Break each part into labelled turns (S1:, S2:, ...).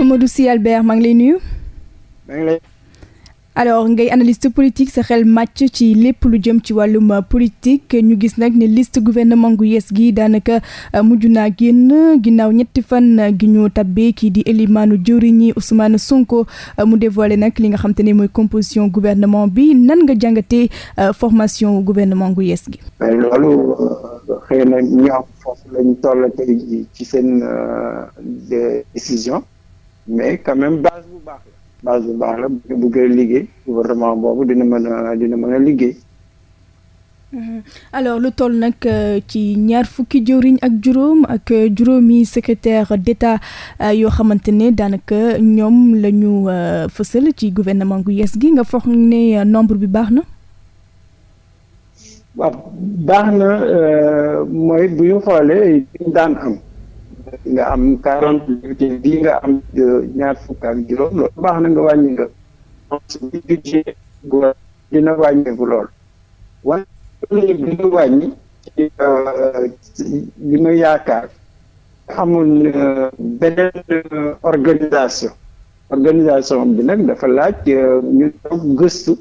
S1: Mamadou Sy Albert maa ngi lay nuyu. maa ngi lay. ngay analyste politique sa xel màcc ci lépp lu jëm ci wàllum politique ñu gis nag ne list gouvernement gu yees gi daanaka euh, mujj naa génn ginnaaw ñetti fan euh, gi ñu tabbee kii di Elimaanu jëwriñi Ousmane sunko euh, mu dévoilé nag li nga xam te ne mooy composition gouvernement bi nan nga jàngatee formation gouvernement gu yees gi.
S2: loolu xëy na ñoom foofu lañ toll tey mais quand même base bu baax la base bu baax la bu bëggee liggéey gouvernement boobu dina mën a dina mën liggéey
S1: mhm. alors lu toll nag euh, ci ñaar fukki jëwriñ ak juróom ak euh, juróomi secrétaire d'État euh, yoo xamante ne daanaka ñoom la ñu fësal ci gouvernement gu yees gi nga foog ni nombre bi baax na
S2: waaw baax na mooy bu xoolee daan am nga am quarante huit bii nga am euh, ñaar fukk ak juróom loolu baax na nga wàññi nga bi budget gouvernement dina wàññeeku lool waaye loolu dina wàññi ci euh, ma yaakaar amul euh, beneen organisation organisation bi nag dafa laaj ñu toog gëstu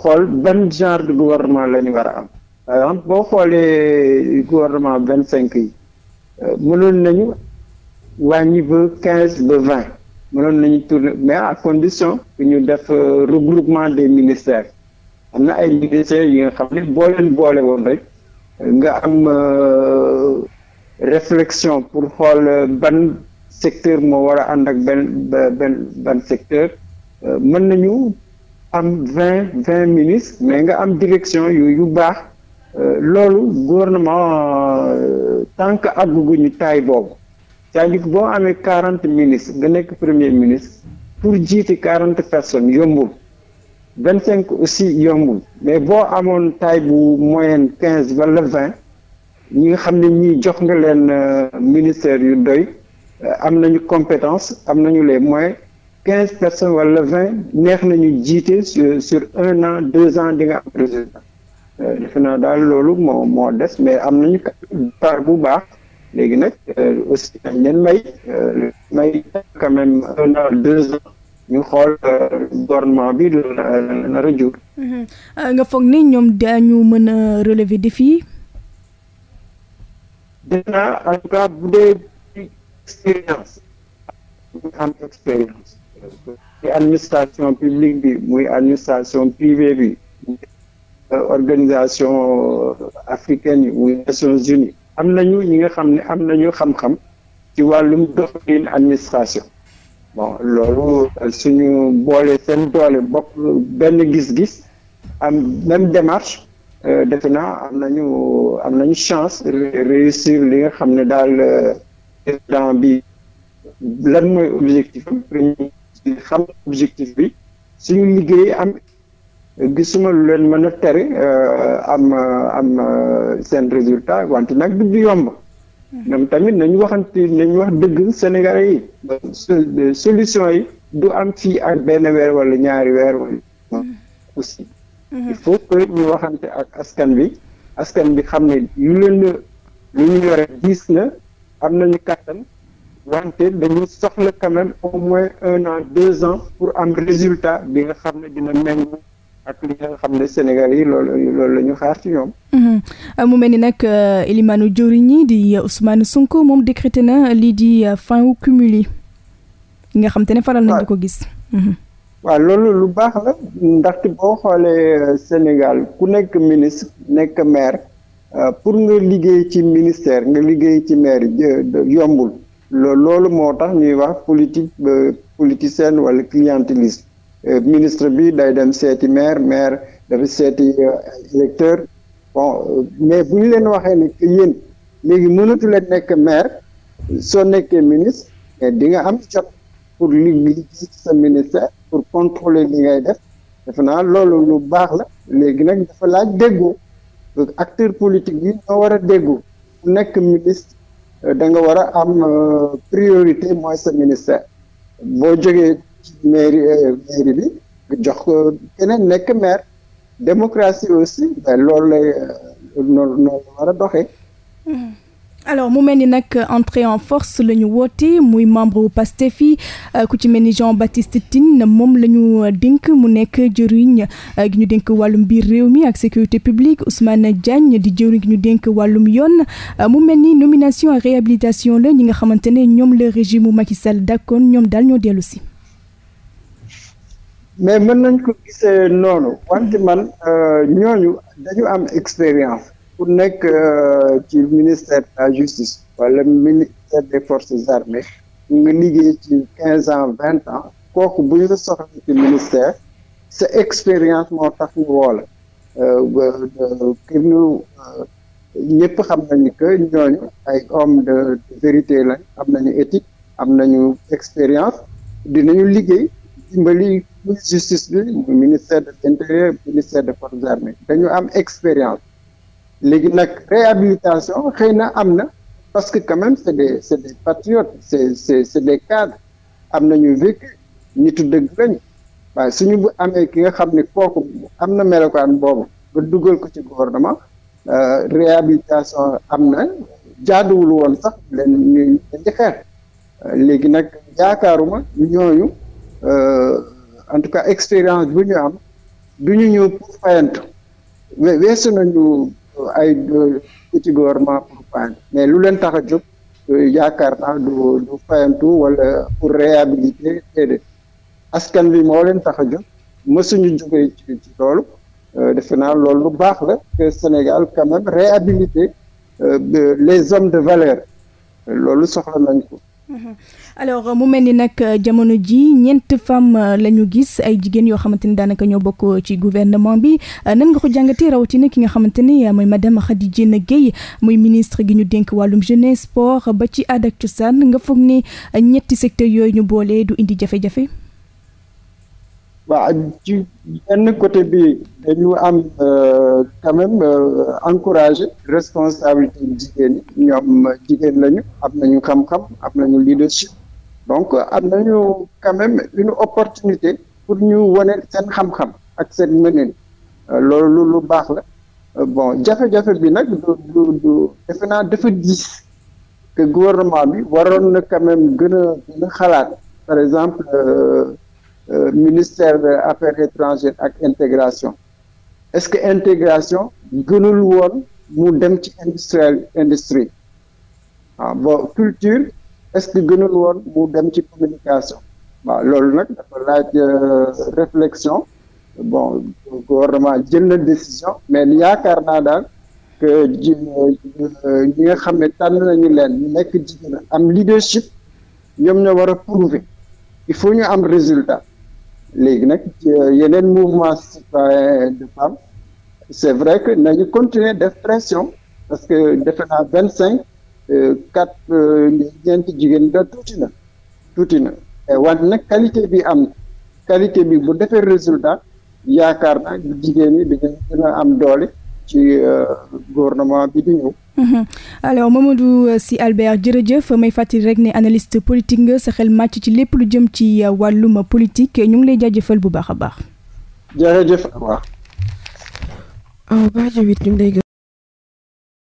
S2: xool benn genre de gouvernement la ñu war a am par exemple boo xoolee gouvernement vingt cinq yi mënoon nañu wàññi ba quinze ba mënoon nañu tourner mais à condition que ñu def euh, regroupement des ministères am na ay ministères yi nga xam ne boo leen boole woon rek nga am euh, réflexion pour xool euh, ban secteur moo war a ànd ak benn benn ban secteur mën nañu am vingt vingt mais nga am direction yu yu baax. Euh, loolu gouvernement euh, tant que àgguñu taay boobu cest boo amee quarante ministres nga nekk premier ministre pour jiite quarante personnes yombul vingt cinq aussi yombul mais boo amoon taay bu moyen quinze wala vingt ñi nga xam ne ñii jox nga leen euh, ministère yu doy am nañu compétence am nañu les moyens quinze personnes wala vingt neex na ñu jiite sur sur un an deux ans di nga am résultat Euh, defe naa daal loolu moo moo des mais am nañu par bu baax léegi nag euh, aussi dañ may euh, may quand deux ans ñu xool gouvernement bi nar a jur
S1: mm-hmm. nga foog ni ñoom dañu mën a relever défi yi
S2: dinaa en tout cas bu dee expérience ñu administration publique bi muy administration privée bi organisation euh, africaine yi muy Nations Unies am nañu ñi nga xam ne am nañu xam-xam ci wàllum doxalin administration bon loolu suñu boole seen doole bokk benn gis-gis am même démarche euh, defe na am nañu am nañu chance réussir li nga xam ne daal euh, président bi lan mooy objectif am xam objectif bi suñu liggéey am gisuma lu leen mën a tere euh, am euh, am euh, seen résultat wante nag du yomb. Hmm. ñoom tamit nañu waxante nañu wax dëgg Sénégalais yi. solution yi du am fii ak benn weer wala ñaari weer wala hmm. aussi. Hmm. il faut que ñu waxante ak askan bi askan bi xam ne lu leen lu ñu yore gis na am nañu kàttan wante dañu soxla quand même au moins un an deux ans pour am résultat bi nga xam ne dina méngoo. ak li nga xam ne Sénégal yi loolu loolu xaar ci ñoom.
S1: Mhm. Euh, mu mel ni nag euh, Elimaanu jëwriñ ñi di euh, Ousmane Sonko moom décrété na lii di fin wu cumul yi nga xam te ne faral nañu ko gis. Mhm.
S2: waaw loolu lu baax la ndaxte boo xoolee Sénégal ku nekk ministre nekk maire pour nga liggéey ci ministère nga liggéey ci maire yombul loolu moo tax ñuy wax politique politicienne wala clientélisme. Euh, ministre bi day dem seeti maire maire dafa seeti électeur euh, bon euh, mais bu ñu leen waxee ne que yéen léegi mënatu leen nekk maire soo nekkee ministre mais di nga am jot pour liggéey sa ministère pour contrôler li ngay def defe naa loolu lu baax la léegi nag dafa laaj déggoo acteur politique bi ñoo war a déggoo ku nekk ministre da nga war a am priorité mooy sa ministère boo jógee mairie euh, mairie bi jox ko keneen nekk maire démocratie aussi loolu lay euh, noonu war a doxee.
S1: Hmm. alors mu mel ni nag entrée en force la ñu woote muy membre wu Pastef yi euh, ku ci mel ni Jean-Baptiste Tine moom la ñu dénk mu nekk jëriñ gi ñu dénk wàllum biir réew mi ak sécurité publique Ousmane Diagne di jëriñ gi ñu dénk wàllum yoon mu mel ni nomination ak réhabilitation la ñi nga xamante ne ñoom le régime Macky Sall dakkoon ñoom daal ñoo dellusi
S2: mais mën nañ ko gisee noonu wante man euh, ñooñu dañu am expérience pour nekk euh, ci ministère de la justice wala ministère des forces armées nga liggéey ci quinze ans vingt ans kooku bu ñu la soxla ci ministère sa expérience moo tax ñu woola kir euh, ñu ñëpp xam nañu que ñooñu ay homme de vérité lañ am nañu éthique am nañu expérience dinañu liggéey dimbali justice bi muy ministère de l'intérieur ministère des forces armées dañu am expérience léegi nag réhabilitation xëy na am na parce que quand même c'est des c'est des patriotes c'est c'est c'est des cadres am nañu vécu nitu dëgg lañu waaye suñu bu amee ki nga xam ne kooku am na melokaan boobu ba dugal ko ci gouvernement euh, réhabilitation am na jaaduwul woon sax leen ñuy leen di euh, léegi nag yaakaaruma ñooñu Euh, en tout cas expérience bu ñu am du ñu ñëw pour fayantu weesu nañu euh, ay euh, petit gouvernement pour fayantu mais lu leen tax a jóg yaakaar naa du fayantu wala pour réhabiliter déedéet askan bi moo leen tax a jóg mësuñu jógee ci ci loolu defe naa loolu lu baax la que Sénégal quand même réhabiliter les hommes de valeur loolu soxla nañ ko Mhm.
S1: alors mu mel ni nag euh, jamono ji ñeent femmes euh, lañu gis ay jigéen yoo xamante ni daanaka ñoo bokk euh, ci gouvernement bi nan nga ko jàngatee rawatina ki nga xamante ni mooy madame Khady Diène Gaye muy ministre gi ñu dénk wàllum jeunesse sport ba ci aada ak cosaan nga foog ni ñetti secteur yooyu ñu boole du indi jafe-jafe.
S2: waaw ci benn côté bi dañu am quand même euh, encourager responsabilité jigéen ñi ñoom jigéen lañu am nañu xam-xam am nañu leadership donc am nañu quand même une opportunité pour ñu wane seen xam-xam ak seen mëneen euh, loolu lu baax la euh, bon jafe-jafe bi nag du du du defe naa dafa diis que gouvernement bi waroon na quand même gën a xalaat par exemple euh, euh, ministère affaires étrangères ak intégration est-ce que intégration gënul woon mu dem ci industriel industrie waaw ah, bo culture est-ce que gënul woon mu dem ci communication waaw loolu nag dafa laaj euh, réflexion bon gouvernement jël na décision mais yaakaar naa daal que ji euh, ñi nga xam ne tànn nañu leen ñu nekk jigéen am leadership ñoom ñoo war a prouver il faut ñu am résultat léegi nag euh, yeneen mouvement citoyen de femmes c'est vrai que nañu continuer def pression parce que defe naa vingt cinq euh, quatre euh, ñeenti jigéen da tuuti na tuuti na wante nag qualité bi am qualité bi bu defee résultat yaakaar naa jigéen ñi di gën am doole ci euh, gouvernement bi di ñëw.
S1: Mhm. alors Mamadou euh, Sy Albert jërëjëf may fàttali rek ne analyst politique nga sa xel màcc ci lépp lu jëm ci euh, wàllum politique ñu ngi lay jaajëfal bu baax a baax.
S2: jërëjëf waaw.